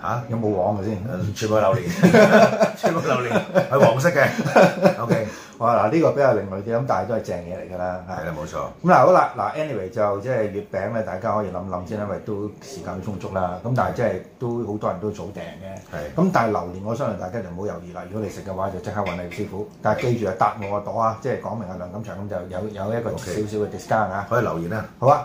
嚇有冇黃嘅先？全部係榴蓮，全部榴蓮係黃色嘅。OK，我話嗱呢個比較另類啲，咁但係都係正嘢嚟㗎啦。係啦，冇錯。咁嗱好啦，嗱 anyway 就即係月餅咧，大家可以諗諗先，因為都時間都充足啦。咁但係即係都好多人都早訂嘅。係。咁但係榴蓮，我相信大家就唔好猶豫啦。如果你食嘅話，就即刻揾你師傅。但係記住啊，搭我個袋啊，即係講明阿梁錦祥咁就有有一個少少嘅 discount 啊，可以留言啊，好啊。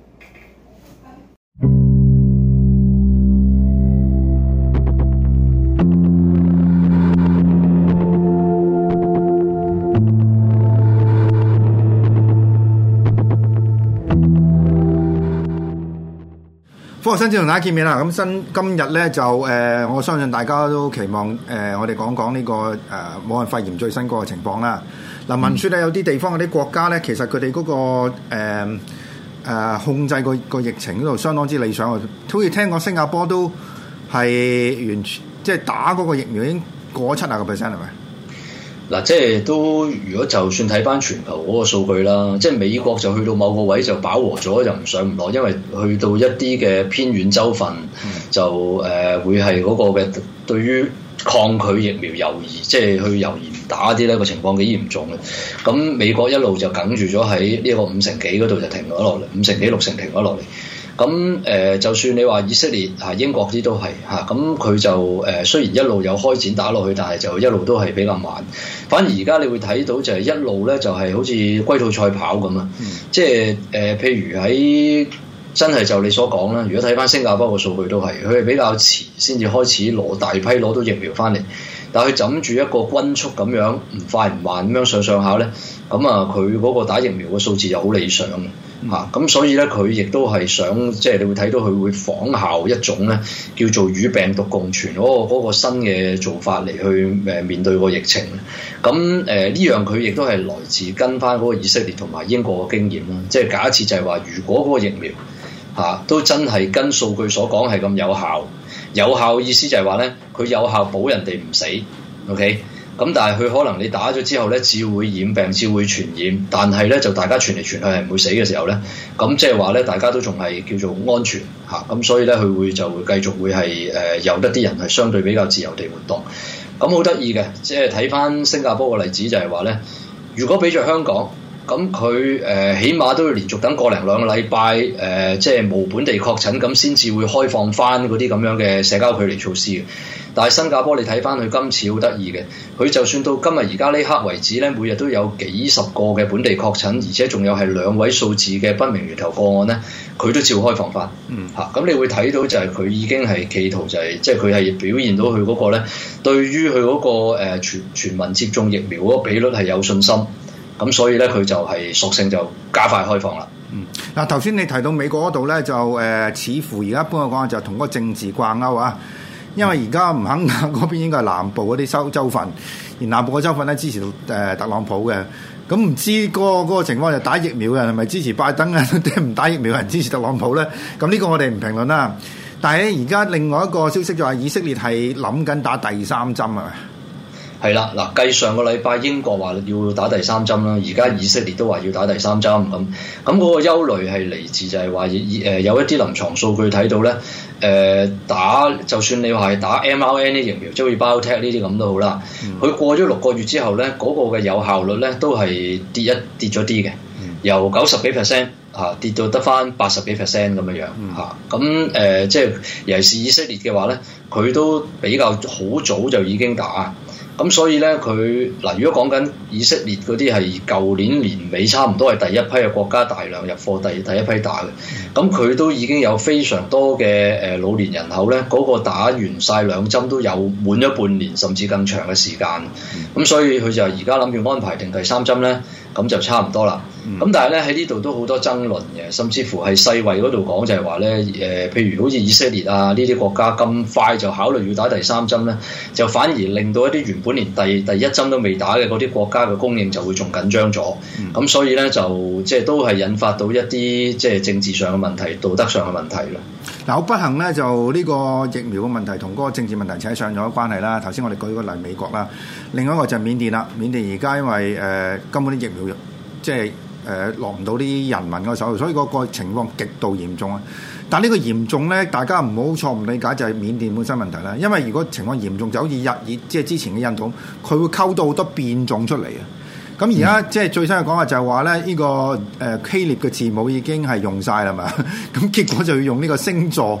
我新鮮同大家見面啦，咁新今日咧就誒、呃，我相信大家都期望誒、呃，我哋講講呢、這個誒，武、呃、漢肺炎最新嗰個情況啦。嗱，聞說咧有啲地方嗰啲國家咧，其實佢哋嗰個誒、呃呃、控制個個疫情嗰度相當之理想，好似聽講新加坡都係完全即係打嗰個疫苗已經過七啊個 percent 係咪？是嗱，即係都如果就算睇翻全球嗰個數據啦，即係美國就去到某個位就飽和咗，就唔上唔落，因為去到一啲嘅偏遠州份、嗯、就誒、呃、會係嗰個嘅對於抗拒疫苗猶疑，即係去猶疑唔打啲呢、那個情況幾嚴重嘅。咁美國一路就梗住咗喺呢一個五成幾嗰度就停咗落嚟，五成幾六成停咗落嚟。咁誒，就算你話以色列、嚇英國啲都係嚇，咁佢就誒雖然一路有開展打落去，但係就一路都係比較慢。反而而家你會睇到就係一路咧，就係好似龜兔賽跑咁啊！即係誒、呃，譬如喺真係就你所講啦。如果睇翻新加坡個數據都係，佢係比較遲先至開始攞大批攞到疫苗翻嚟，但佢枕住一個均速咁樣，唔快唔慢咁樣上上下咧，咁啊，佢嗰個打疫苗嘅數字又好理想。嚇，咁所以咧，佢亦都係想，即係你會睇到佢會仿效一種咧叫做與病毒共存嗰個嗰個新嘅做法嚟去誒面對個疫情。咁誒呢樣佢亦都係來自跟翻嗰個以色列同埋英國嘅經驗啦。即係假設就係話，如果嗰個疫苗嚇都真係跟數據所講係咁有效，有效意思就係話咧，佢有效保人哋唔死。OK。咁但係佢可能你打咗之後呢，只會染病，只會傳染。但係呢，就大家傳嚟傳去係唔會死嘅時候呢。咁即係話呢，大家都仲係叫做安全嚇。咁、啊、所以呢，佢會就會繼續會係誒由得啲人係相對比較自由地活動。咁好得意嘅，即係睇翻新加坡嘅例子就係話呢，如果比起香港，咁佢誒起碼都要連續等個零兩個禮拜誒，即係無本地確診咁先至會開放翻嗰啲咁樣嘅社交距離措施嘅。但係新加坡你，你睇翻佢今次好得意嘅，佢就算到今日而家呢刻為止咧，每日都有幾十個嘅本地確診，而且仲有係兩位數字嘅不明源頭個案咧，佢都照開放翻。嗯，嚇咁、啊、你會睇到就係佢已經係企圖就係、是，即係佢係表現到佢嗰個咧，對於佢嗰、嗰個、呃、全全民接種疫苗嗰個比率係有信心。咁所以咧，佢就係索性就加快開放啦。嗯，嗱頭先你提到美國嗰度咧，就誒、呃、似乎而家一般嘅講法就同嗰個政治掛鈎啊。因為而家唔肯，嗰邊應該係南部嗰啲州份，而南部嗰州份咧，支持誒、呃、特朗普嘅。咁唔知、嗰個嗰、嗰個、情況就打疫苗嘅係咪支持拜登啊？定 唔打疫苗嘅人支持特朗普咧？咁呢個我哋唔評論啦。但係喺而家另外一個消息就係、係、以色列係諗緊打第三針啊！係啦，嗱計、嗯、上個禮拜英國話要打第三針啦，而家以色列都話要打第三針咁，咁嗰、那個憂慮係嚟自就係話，誒、呃、有一啲臨床數據睇到咧，誒、呃、打就算你話係打 mRNA 疫苗，即係 BioNTech 呢啲咁都好啦，佢過咗六個月之後咧，嗰、那個嘅有效率咧都係跌一跌咗啲嘅，由九十幾 percent 吓跌到得返八十幾 percent 咁樣樣吓，咁、啊、誒、呃、即係尤其是以色列嘅話咧，佢都比較好早就已經打。咁所以呢，佢嗱，如果講緊以色列嗰啲係舊年年尾差唔多係第一批嘅國家大量入貨，第第一批打嘅，咁佢都已經有非常多嘅誒老年人口呢，嗰、嗰個打完晒兩針都有滿咗半年甚至更長嘅時間，咁所以佢就而家諗住安排定第三針呢，咁就差唔多啦。咁、嗯、但係咧喺呢度都好多爭論嘅，甚至乎係世衞嗰度講就係話咧，誒、呃，譬如好似以色列啊呢啲國家咁快就考慮要打第三針咧，就反而令到一啲原本連第第一針都未打嘅嗰啲國家嘅供應就會仲緊張咗。咁、嗯嗯、所以咧就即係都係引發到一啲即係政治上嘅問題、道德上嘅問題啦。嗱、嗯，好不幸咧就呢個疫苗嘅問題同嗰個政治問題扯上咗關係啦。頭先我哋舉個例美國啦，另一個就係緬甸啦。緬甸而家因為誒、呃、根本啲疫苗即係，就係誒落唔到啲人民個手，所以嗰個情況極度嚴重啊！但係呢個嚴重咧，大家唔好錯誤理解，就係、是、緬甸本身問題啦。因為如果情況嚴重，就好似日以，即係之前嘅印度，佢會溝到好多變種出嚟啊！咁而家即係最新嘅講話就係話咧，呢、這個誒希臘嘅字母已經係用晒啦嘛，咁結果就要用呢個星座。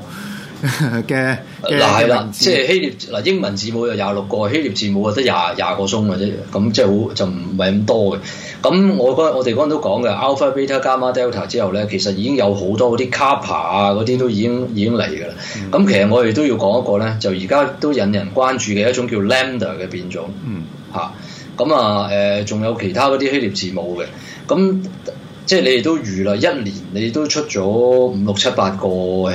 嘅嗱係啦，即係、 啊啊就是、希臘嗱、啊、英文字母有廿六個，希臘字母啊得廿廿個鐘嘅啫，咁、嗯、即係好就唔係咁多嘅。咁我嗰我哋嗰陣都講嘅，alpha、beta、gamma、delta 之後咧，其實已經有好多嗰啲 ka、pa 啊嗰啲都已經已經嚟噶啦。咁、嗯、其實我哋都要講一個咧，就而家都引人關注嘅一種叫 lambda 嘅變種，嗯吓，咁啊誒，仲、啊呃、有其他嗰啲希臘字母嘅，咁。即係你哋都預啦，一年你都出咗五六七八個，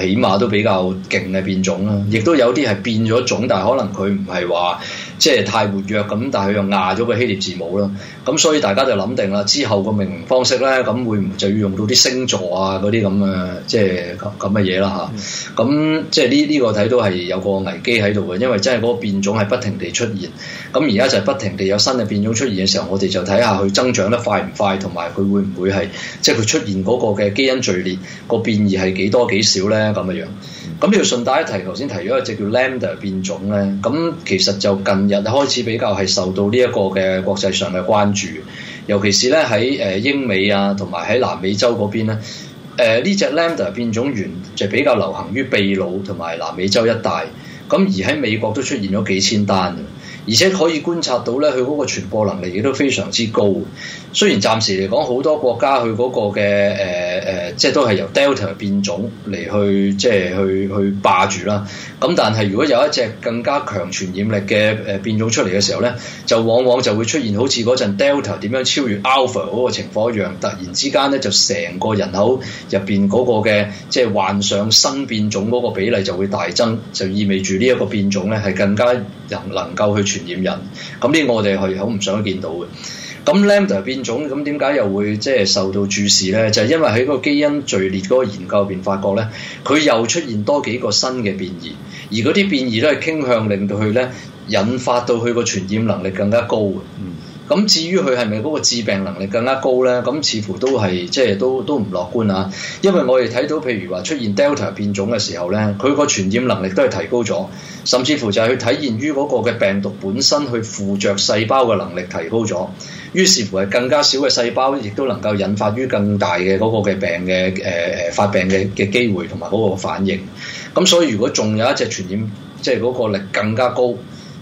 起碼都比較勁嘅變種啦。亦都有啲係變咗種，但係可能佢唔係話。即係太活躍咁，但係佢又壓咗個希臘字母啦，咁所以大家就諗定啦，之後個命名方式咧，咁會唔就要用到啲星座啊嗰啲咁嘅即係咁嘅嘢啦嚇。咁、嗯、即係呢呢個睇到係有個危機喺度嘅，因為真係嗰個變種係不停地出現。咁而家就係不停地有新嘅變種出現嘅時候，我哋就睇下佢增長得快唔快，同埋佢會唔會係即係佢出現嗰個嘅基因序列個變異係幾多幾少咧咁嘅樣。咁呢要順帶一提，頭先提咗一隻叫 Lambda 變種咧，咁其實就近日開始比較係受到呢一個嘅國際上嘅關注，尤其是咧喺誒英美啊，同埋喺南美洲嗰邊咧，誒、呃、呢隻 Lambda 變種原就是、比較流行於秘魯同埋南美洲一帶，咁而喺美國都出現咗幾千單。而且可以觀察到咧，佢個傳播能力亦都非常之高。雖然暫時嚟講好多國家佢個嘅誒誒即係都係由 Delta 變種嚟去即係去去霸住啦。咁但係如果有一隻更加強傳染力嘅誒變種出嚟嘅時候咧，就往往就會出現好似陣 Delta 點樣超越 Alpha 嗰個情況一樣，突然之間咧就成個人口入邊個嘅即係患上新變種個比例就會大增，就意味住呢一個變種咧係更加能能夠去。傳染人，咁呢個我哋係好唔想見到嘅。咁 Lambda 變種，咁點解又會即係受到注視咧？就係因為喺個基因序列嗰個研究入邊發覺咧，佢又出現多幾個新嘅變異，而嗰啲變異都係傾向令到佢咧引發到佢個傳染能力更加高嘅。嗯。咁至於佢係咪嗰個致病能力更加高呢？咁似乎都係即係都都唔樂觀啊！因為我哋睇到譬如話出現 Delta 變種嘅時候呢，佢個傳染能力都係提高咗，甚至乎就係佢體現於嗰個嘅病毒本身去附着細胞嘅能力提高咗，於是乎係更加少嘅細胞亦都能夠引發於更大嘅嗰個嘅病嘅誒誒發病嘅嘅機會同埋嗰個反應。咁所以如果仲有一隻傳染，即係嗰個力更加高。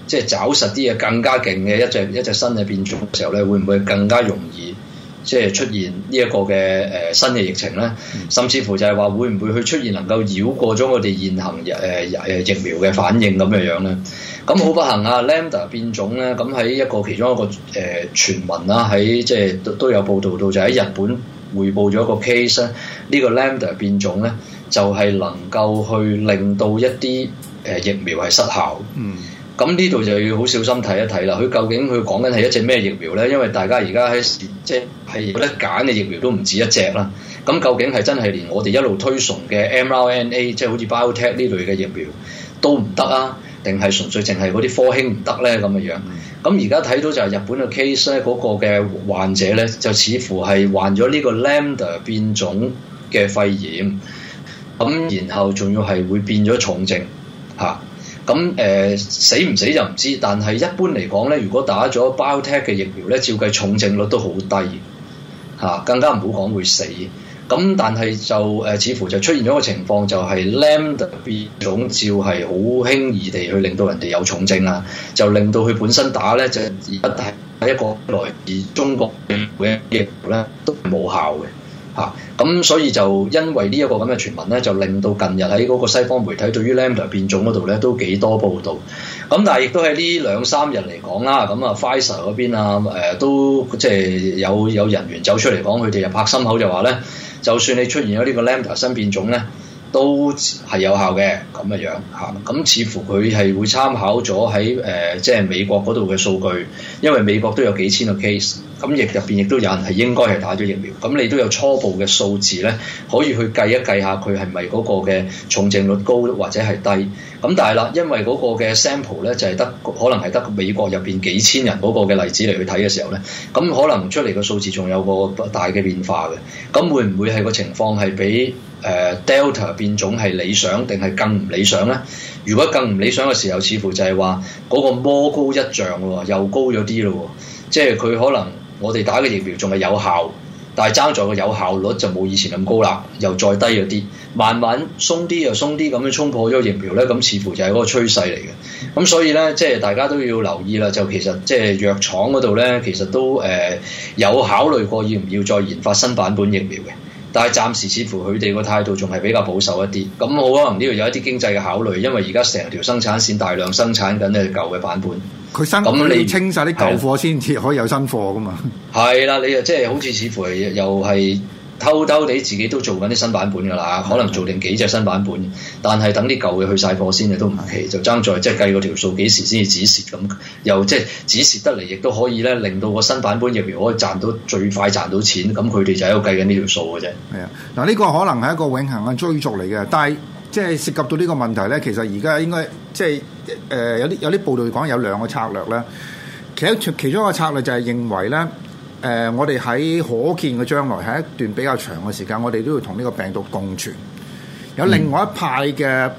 即係找實啲嘢，更加勁嘅一隻一隻新嘅變種嘅時候咧，會唔會更加容易，即係出現呢一個嘅誒新嘅疫情咧？甚至乎就係話會唔會去出現能夠繞過咗我哋現行誒誒疫苗嘅反應咁嘅樣咧？咁好不幸啊 ，Lambda 變種咧，咁喺一個其中一個誒、呃、傳聞啦、啊，喺即係都有報導到，就喺日本匯報咗一個 case 咧，呢個 Lambda 變種咧，就係能夠去令到一啲誒、呃、疫苗係失效。 咁呢度就要好小心睇一睇啦。佢究竟佢講緊係一隻咩疫苗咧？因為大家而家喺即係，係有得揀嘅疫苗都唔止一隻啦。咁究竟係真係連我哋一路推崇嘅 mRNA 即係好似 BioNTech 呢類嘅疫苗都唔得啊？定係純粹淨係嗰啲科興唔得咧咁嘅樣。咁而家睇到就係日本嘅 case 咧，嗰個嘅患者咧就似乎係患咗呢個 Lambda 變種嘅肺炎，咁然後仲要係會變咗重症吓。咁誒、呃、死唔死就唔知，但係一般嚟講咧，如果打咗 BioNTech 嘅疫苗咧，照計重症率都好低，嚇、啊、更加唔好講會死。咁、啊、但係就誒、呃、似乎就出現咗個情況，就係 Lambda 變種照係好輕易地去令到人哋有重症啊，就令到佢本身打咧就而家係喺一個來自中國嘅疫苗咧都冇效嘅，嚇、啊。咁所以就因為呢一個咁嘅傳聞咧，就令到近日喺嗰個西方媒體對於 Lambda 變種嗰度咧都幾多報道。咁但係亦都喺呢兩三日嚟講啦，咁啊 Pfizer 嗰邊啊，誒、呃、都即係有有人員走出嚟講，佢哋又拍心口就話咧，就算你出現咗呢個 Lambda 新變種咧，都係有效嘅咁嘅樣嚇。咁似乎佢係會參考咗喺誒即係美國嗰度嘅數據，因為美國都有幾千個 case。咁疫入邊亦都有人係應該係打咗疫苗，咁你都有初步嘅數字咧，可以去計一計下佢係咪嗰個嘅重症率高或者係低？咁但係啦，因為嗰個嘅 sample 咧就係、是、得可能係得美國入邊幾千人嗰個嘅例子嚟去睇嘅時候咧，咁可能出嚟嘅數字仲有個大嘅變化嘅。咁會唔會係個情況係比誒、呃、Delta 變種係理想定係更唔理想咧？如果更唔理想嘅時候，似乎就係話嗰個魔高一丈喎，又高咗啲咯，即係佢可能。我哋打嘅疫苗仲係有效，但係爭在個有效率就冇以前咁高啦，又再低咗啲，慢慢鬆啲又鬆啲咁樣衝破咗疫苗呢。咁似乎就係嗰個趨勢嚟嘅。咁所以呢，即係大家都要留意啦。就其實即係藥廠嗰度呢，其實都誒有考慮過要唔要再研發新版本疫苗嘅，但係暫時似乎佢哋個態度仲係比較保守一啲。咁好可能呢度有一啲經濟嘅考慮，因為而家成條生產線大量生產緊呢舊嘅版本。佢生咁你清晒啲舊貨先至可以有新貨噶嘛？係啦，你又即係好似似乎又係偷偷地自己都做緊啲新版本噶啦，可能做定幾隻新版本，但係等啲舊嘅去晒貨先啊，都唔奇，就爭在即係計嗰條數幾時先至止蝕咁，又即係止蝕得嚟，亦都可以咧令到個新版本入面可以賺到最快賺到錢，咁佢哋就喺度計緊呢條數嘅啫。係啊，嗱、這、呢個可能係一個永恒嘅追逐嚟嘅，但係即係涉及到呢個問題咧，其實而家應該即係。誒、呃、有啲有啲報道講有兩個策略咧，其實其中一個策略就係認為咧，誒、呃、我哋喺可見嘅將來喺一段比較長嘅時間，我哋都要同呢個病毒共存。有另外一派嘅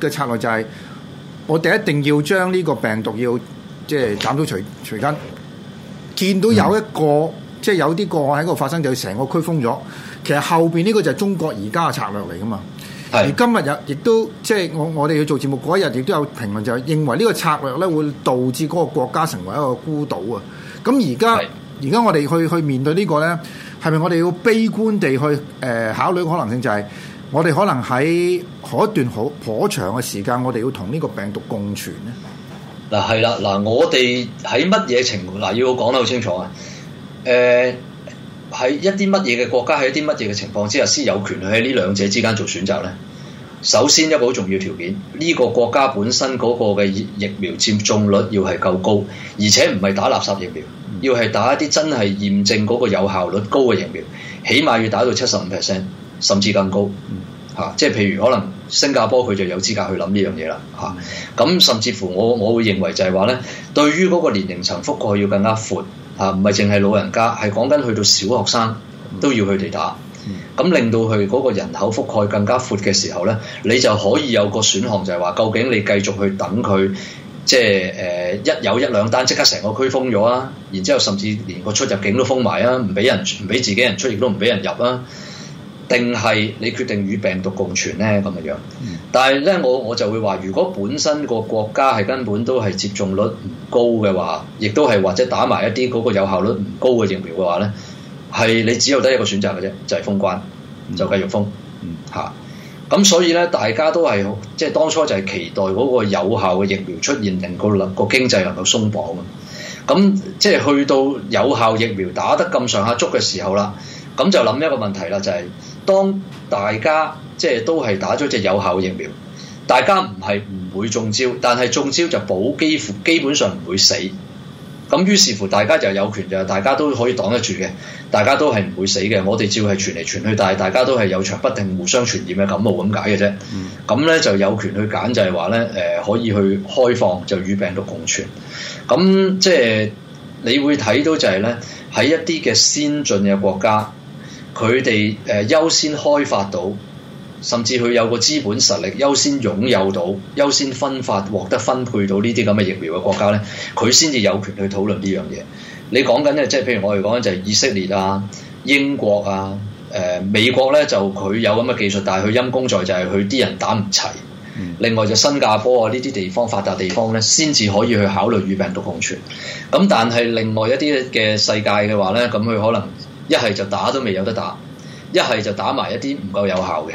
嘅策略就係，我哋一定要將呢個病毒要即係斬草除除根。見到有一個、嗯、即係有啲個案喺嗰度發生，就要成個區封咗。其實後邊呢個就係中國而家嘅策略嚟噶嘛。而今日有，亦都即係我我哋要做節目嗰一日，亦都有評論就係認為呢個策略咧會導致嗰個國家成為一個孤島啊！咁而家而家我哋去去面對個呢個咧，係咪我哋要悲觀地去誒、呃、考慮可能性？就係我哋可能喺可一段好頗長嘅時間，我哋要同呢個病毒共存咧。嗱係啦，嗱我哋喺乜嘢情況？嗱要講得好清楚啊！誒、呃。喺一啲乜嘢嘅國家，喺一啲乜嘢嘅情況之下，先有權去喺呢兩者之間做選擇呢？首先一個好重要條件，呢、呢個國家本身嗰個嘅疫苗接種率要係夠高，而且唔係打垃圾疫苗，要係打一啲真係驗證嗰個有效率高嘅疫苗，起碼要打到七十五 percent，甚至更高嚇、啊。即係譬如可能新加坡佢就有資格去諗呢樣嘢啦嚇。咁、啊、甚至乎我我會認為就係話呢對於嗰個年齡層覆蓋要更加闊。啊，唔係淨係老人家，係講緊去到小學生都要佢哋打，咁、嗯、令到佢嗰個人口覆蓋更加闊嘅時候呢，你就可以有個選項就，就係話究竟你繼續去等佢，即係誒、呃、一有一兩單即刻成個區封咗啊，然之後甚至連個出入境都封埋啊，唔俾人唔俾自己人出，亦都唔俾人入啊。定係你決定與病毒共存呢？咁嘅樣，但係呢，我我就會話，如果本身個國家係根本都係接種率唔高嘅話，亦都係或者打埋一啲嗰個有效率唔高嘅疫苗嘅話呢，係你只有得一個選擇嘅啫，就係、是、封關，就繼續封吓。咁、嗯嗯嗯、所以呢，大家都係即係當初就係期待嗰個有效嘅疫苗出現，令、個能、個經濟能夠鬆綁啊。咁、嗯、即係去到有效疫苗打得咁上下足嘅時候啦，咁就諗一個問題啦，就係、是。當大家即係都係打咗隻有效疫苗，大家唔係唔會中招，但係中招就保幾乎基本上唔會死。咁，於是乎，大家就有權就大家都可以擋得住嘅，大家都係唔會死嘅。我哋照係傳嚟傳去，但係大家都係有場不停互相傳染嘅感冒咁解嘅啫。咁咧就有權去揀，就係話咧，誒可以去開放，就與病毒共存。咁即係你會睇到就係咧，喺一啲嘅先進嘅國家。佢哋誒優先開發到，甚至佢有個資本實力優先擁有到，優先分發獲得分配到呢啲咁嘅疫苗嘅國家呢，佢先至有權去討論呢樣嘢。你講緊呢，即係譬如我哋講緊，就係以色列啊、英國啊、誒、呃、美國呢，就佢有咁嘅技術，但係佢陰功在就係佢啲人打唔齊。嗯、另外就新加坡啊呢啲地方發達地方呢，先至可以去考慮與病毒共存。咁但係另外一啲嘅世界嘅話呢，咁佢可能。一係就打都未有得打，一係就打埋一啲唔夠有效嘅，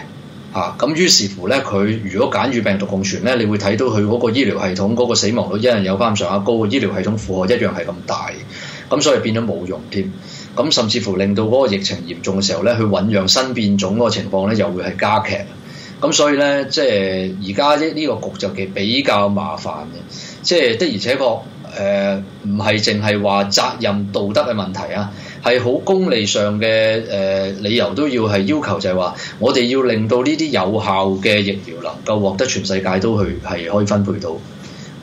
嚇、啊、咁於是乎咧，佢如果揀與病毒共存咧，你會睇到佢嗰個醫療系統嗰、嗰個死亡率一樣有翻上下高，醫療系統負荷一樣係咁大，咁、啊、所以變咗冇用添。咁、啊、甚至乎令到嗰個疫情嚴重嘅時候咧，去醖釀新變種嗰個情況咧，又會係加劇。咁、啊、所以咧，即係而家呢個局就嘅比較麻煩嘅，即係的而且確誒唔係淨係話責任道德嘅問題啊。係好功利上嘅誒、呃、理由都要係要求，就係話我哋要令到呢啲有效嘅疫苗能夠獲得全世界都去係可以分配到，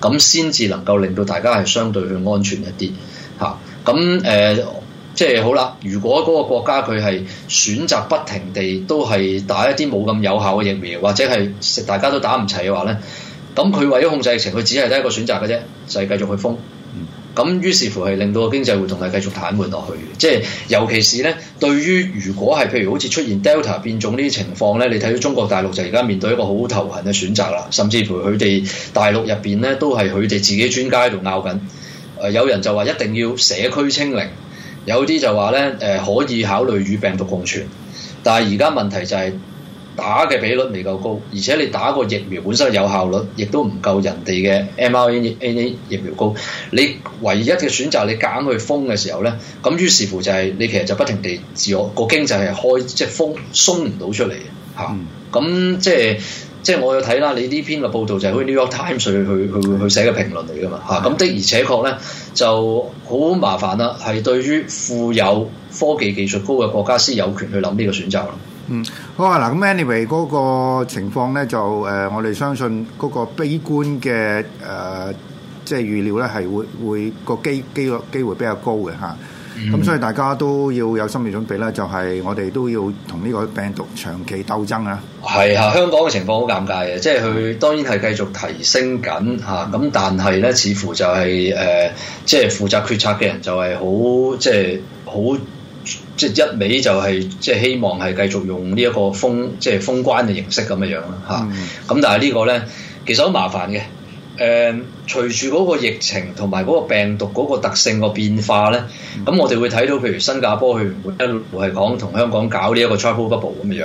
咁先至能夠令到大家係相對去安全一啲嚇。咁、啊、誒、嗯呃、即係好啦，如果嗰個國家佢係選擇不停地都係打一啲冇咁有效嘅疫苗，或者係大家都打唔齊嘅話呢，咁佢為咗控制疫情，佢只係得一個選擇嘅啫，就係、是、繼續去封。咁於是乎係令到個經濟活動係繼續癱瘓落去，即係尤其是咧，對於如果係譬如好似出現 Delta 變種呢啲情況咧，你睇到中國大陸就而家面對一個好頭痕嘅選擇啦，甚至乎佢哋大陸入邊咧都係佢哋自己專家喺度拗緊，誒、呃、有人就話一定要社區清零，有啲就話咧誒可以考慮與病毒共存，但係而家問題就係、是。打嘅比率未夠高，而且你打個疫苗本身有效率，亦都唔夠人哋嘅 mRNA 疫苗高。你唯一嘅選擇，你夾硬去封嘅時候呢，咁於是乎就係你其實就不停地自我、個經濟係開，即係封鬆唔到出嚟吓。咁、嗯、即係即係我有睇啦，你呢篇嘅報道就係去 New York Times 去去去寫嘅評論嚟㗎嘛吓。咁的,的,是的,的而且確呢，就好麻煩啦，係對於富有科技技術高嘅國家先有權去諗呢個選擇啦。嗯，好啊，嗱，咁 anyway 嗰個情況咧就誒、呃、我哋相信嗰個悲觀嘅誒、呃，即係預料咧係會會個機機會機會比較高嘅吓。咁、啊嗯、所以大家都要有心理準備啦，就係、是、我哋都要同呢個病毒長期鬥爭啊！係啊，香港嘅情況好尷尬嘅，即係佢當然係繼續提升緊吓。咁、啊、但係咧似乎就係、是、誒，即係負責決策嘅人就係好即係好。就是即係一味就係即係希望係繼續用呢一個封即係、就是、封關嘅形式咁樣樣啦嚇，咁、嗯啊、但係呢個咧其實好麻煩嘅。誒、呃，隨住嗰個疫情同埋嗰個病毒嗰個特性個變化咧，咁、嗯、我哋會睇到譬如新加坡去一路係講同香港搞呢一個 triple bubble 咁樣樣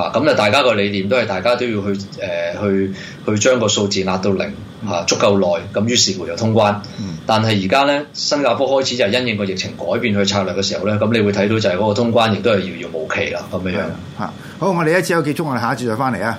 啊，咁、嗯、啊大家個理念都係大家都要去誒、呃、去去將個數字壓到零。嚇、啊、足夠耐，咁於是乎就通關。但係而家咧，新加坡開始就因應個疫情改變佢策略嘅時候咧，咁你會睇到就係嗰個通關亦都係遙遙無期啦咁、嗯、樣。嚇、嗯，好，我哋一節又結束，我哋下一次再翻嚟啊。